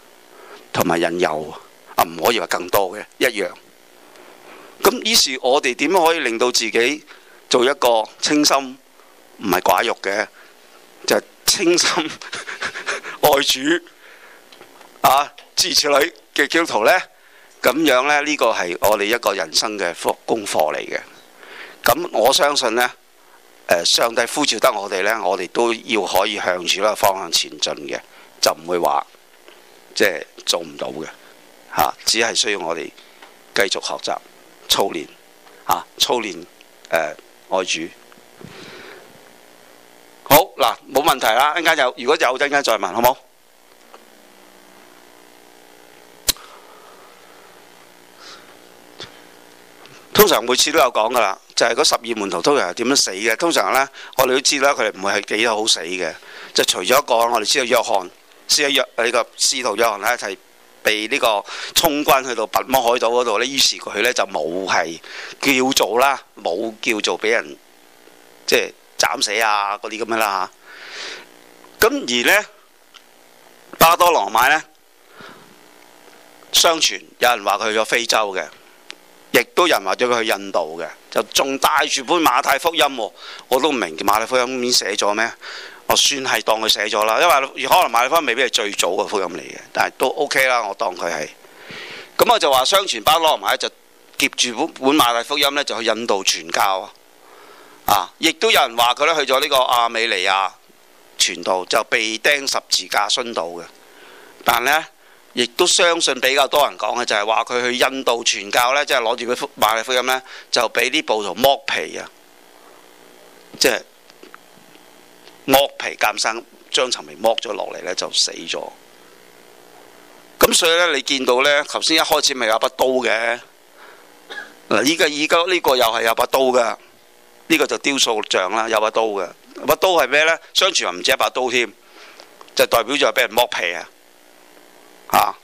同埋引誘，啊，唔可以話更多嘅一樣。咁於是，我哋點樣可以令到自己做一個清心，唔係寡欲嘅，就係、清心 愛主啊，支持你嘅基督徒咧。咁樣咧，呢個係我哋一個人生嘅功功課嚟嘅。咁我相信咧，誒上帝呼召得我哋咧，我哋都要可以向住呢個方向前進嘅，就唔會話。即係做唔到嘅，嚇！只係需要我哋繼續學習操練，嚇操練誒、呃、愛主。好嗱，冇問題啦！一陣間有，如果有，陣間再問好冇？通常每次都有講㗎啦，就係、是、嗰十二門徒通常係點樣死嘅？通常呢，我哋都知咧，佢哋唔會係幾好死嘅。即係除咗一個，我哋知道約翰。呢個司徒約翰一行呢，一齊被呢個充軍去到拔摩海島嗰度咧，於是佢呢，就冇係叫做啦，冇叫做俾人即係斬死啊嗰啲咁樣啦。咁而呢，巴多羅買呢，相傳有人話佢去咗非洲嘅，亦都有人話咗佢去印度嘅，就仲帶住本馬太福音、哦，我都唔明馬太福音面寫咗咩？我算係當佢寫咗啦，因為可能馬太福音未必係最早嘅福音嚟嘅，但係都 OK 啦，我當佢係。咁我就話相傳，巴多羅買就攬住本本馬太福音呢，就去印度傳教啊！亦都有人話佢咧去咗呢個亞美尼亞傳道，就被釘十字架殉道嘅。但呢，亦都相信比較多人講嘅就係話佢去印度傳教呢，即係攞住個馬太福音呢，就俾啲暴徒剝皮啊！即係。剝皮鑑生，將層皮剝咗落嚟呢，就死咗。咁所以呢，你見到呢頭先一開始咪有一把刀嘅，嗱，依家依家呢個又係有一把刀嘅，呢個就雕塑像啦，有一把刀嘅，把刀係咩呢？相傳唔止一把刀添，就代表住係俾人剝皮啊。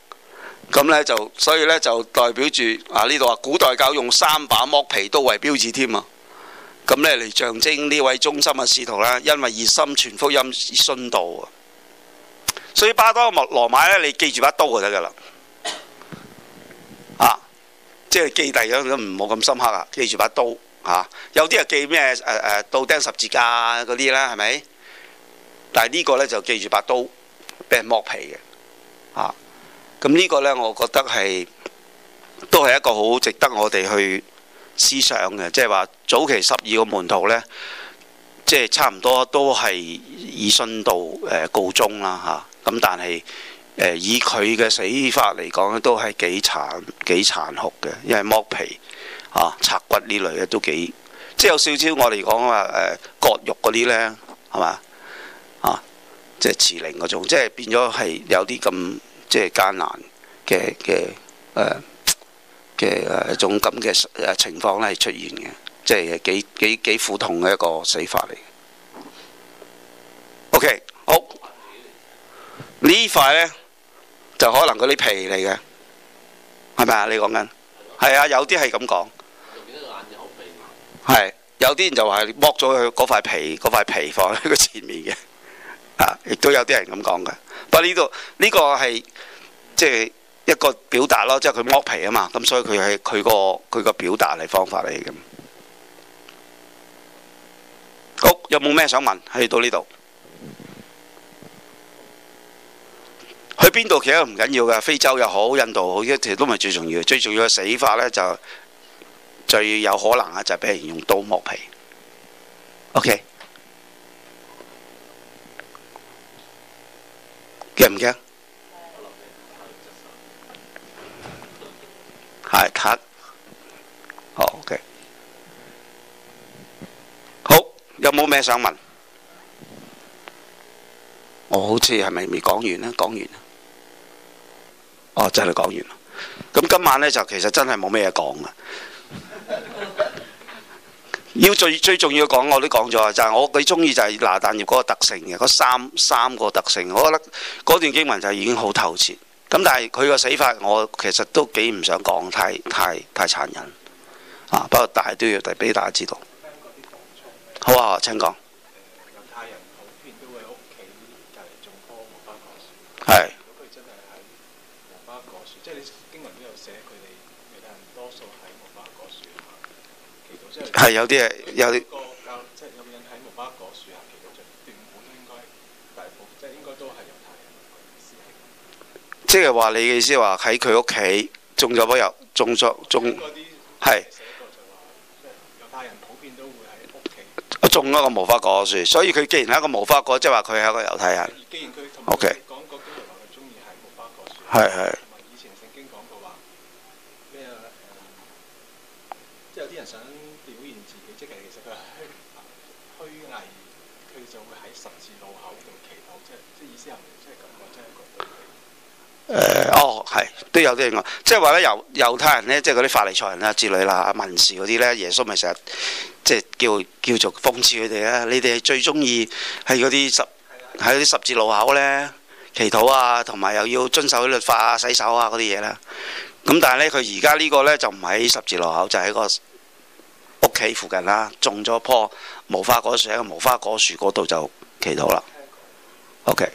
咁呢，就所以呢，就代表住啊呢度話古代教用三把剝皮刀為標誌添啊。咁咧嚟象徵呢位忠心嘅使徒啦，因為熱心傳福音、殉道啊。所以巴多羅買咧，你記住把刀就得噶啦。啊，即係記第樣都唔冇咁深刻啊，記住把刀、啊、有啲係記咩誒倒釘十字架嗰啲啦，係咪？但係呢個咧就記住把刀，俾人剝皮嘅咁、啊、呢個咧，我覺得係都係一個好值得我哋去。思想嘅，即係話早期十二個門徒呢，即係差唔多都係以殉道誒告終啦嚇。咁、啊、但係誒、呃、以佢嘅死法嚟講咧，都係幾慘幾殘酷嘅，因為剝皮啊、拆骨呢類嘅都幾，即係有少少我嚟講啊誒、呃、割肉嗰啲呢，係嘛啊，即係恥靈嗰種，即係變咗係有啲咁即係艱難嘅嘅誒。的呃嘅一種咁嘅誒情況咧，係出現嘅，即係幾幾幾苦痛嘅一個死法嚟。OK，好呢塊咧就可能嗰啲皮嚟嘅，係咪啊？你講緊係啊？有啲係咁講，係有啲人就話你剝咗佢嗰塊皮，嗰塊皮放喺佢前面嘅啊，亦都有啲人咁講嘅。不過呢度呢個係即係。一個表達咯，即係佢剝皮啊嘛，咁所以佢係佢個佢個表達係方法嚟嘅。好，有冇咩想問？去到呢度，去邊度其實唔緊要㗎，非洲又好，印度又好，一啲都唔係最重要。最重要嘅死法咧就最有可能啊，就係俾人用刀剝皮。OK，驚唔驚？係，睇、right. oh，OK，好，有冇咩想問？我好似係咪未講完呢？講完哦，真係講完。咁今晚呢，就其實真係冇咩講啊。 要最最重要講，我都講咗啊，就係、是、我最鍾意就係拿但業嗰個特性嘅嗰三三個特性，我覺得嗰段經文就已經好透徹。咁但係佢個死法，我其實都幾唔想講，太太太殘忍啊！不過大都要第俾大家知道。好啊，請講。係。有啲即係話你嘅意思話，喺佢屋企種咗棵油，種咗種係。猶太人普遍都會喺屋企，種一個無花果樹，所以佢既然係一個無花果，即係話佢係一個猶太人。OK。係係。係都有啲人，即係話咧猶猶太人咧，即係嗰啲法利賽人啊、之類啦，文士嗰啲咧，耶穌咪成日即係叫叫做諷刺佢哋啊。你哋最中意喺嗰啲十喺啲十字路口咧祈禱啊，同埋又要遵守啲律法啊、洗手啊嗰啲嘢啦。咁、啊、但係咧，佢而家呢個咧就唔喺十字路口，就喺、是、個屋企附近啦、啊，種咗棵無花果樹，喺個無花果樹嗰度就祈禱啦。O、okay. K，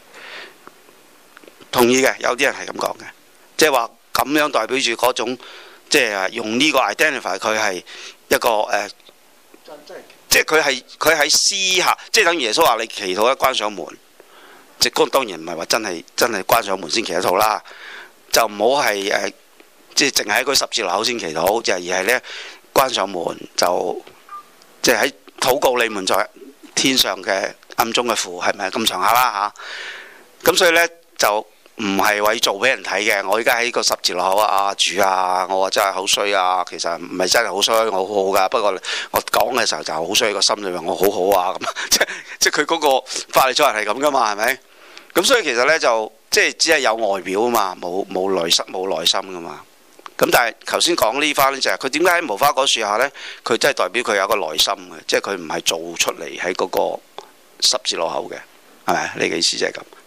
同意嘅，有啲人係咁講嘅。即係話咁樣代表住嗰種，即係用呢個 identify 佢係一個誒、呃，即係佢係佢喺私下，即係等耶穌話你祈禱一關上門。即係當然唔係話真係真係關上門先祈禱啦，就唔好係誒，即係淨係喺個十字路口先祈禱，就而係呢，關上門就即係喺禱告你們在天上嘅暗中嘅父，係咪咁上下啦？吓，咁、啊、所以呢，就。唔係為做俾人睇嘅，我而家喺個十字路口啊，阿主啊，我話真係好衰啊！其實唔係真係好衰，我好好噶。不過我講嘅時候就好衰，個心裏面我好好啊咁。即即佢嗰個法利賽人係咁噶嘛，係咪？咁所以其實咧就即係只係有外表啊嘛，冇冇內心，冇內心噶嘛。咁但係頭先講呢番就係佢點解喺無花果樹下咧？佢真係代表佢有個內心嘅，即係佢唔係做出嚟喺嗰個十字路口嘅，係咪啊？呢個意思即係咁。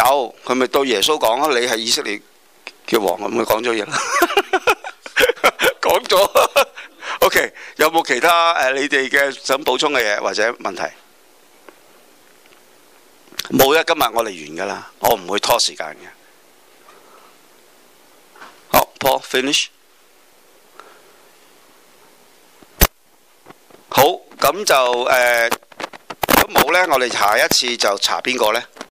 有，佢咪對耶穌講咯，你係以色列嘅王，咁咪講咗嘢啦，講咗。OK，有冇其他，誒你哋嘅想補充嘅嘢或者問題？冇啦，今日我哋完噶啦，我唔會拖時間嘅。好，Paul，finish。好，咁就誒，如果冇咧，我哋下一次就查邊個咧？